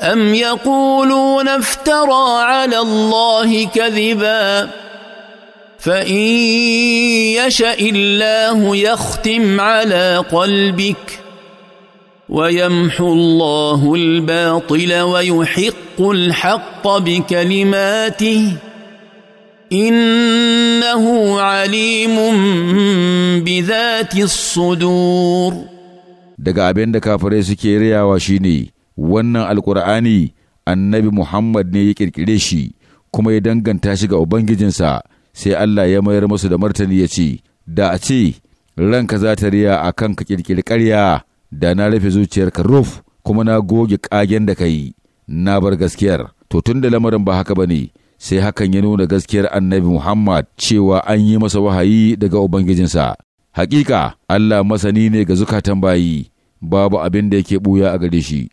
أم يقولون افترى على الله كذبا فإن يشأ الله يختم على قلبك ويمحو الله الباطل ويحق الحق بكلماته إنه عليم بذات الصدور دقا بين da kafirai suke riyawa wannan alkur'ani annabi Muhammad ne ya ƙirƙire shi kuma ya danganta shi ga Ubangijinsa sai Allah ya mayar masu da martani ya ce, Da a ce, ranka za ta riya a kan ka kirkiri ƙarya da na rufe zuciyarka ruf kuma na goge ƙagen da ka yi, na bar gaskiyar. To tun da lamarin ba haka ba ne, sai hakan ya nuna gaskiyar annabi Muhammad cewa an yi masa wahayi daga Ubangijinsa. Hakika Allah masani ne ga zukatan bayi, babu abin da yake buya a gare shi.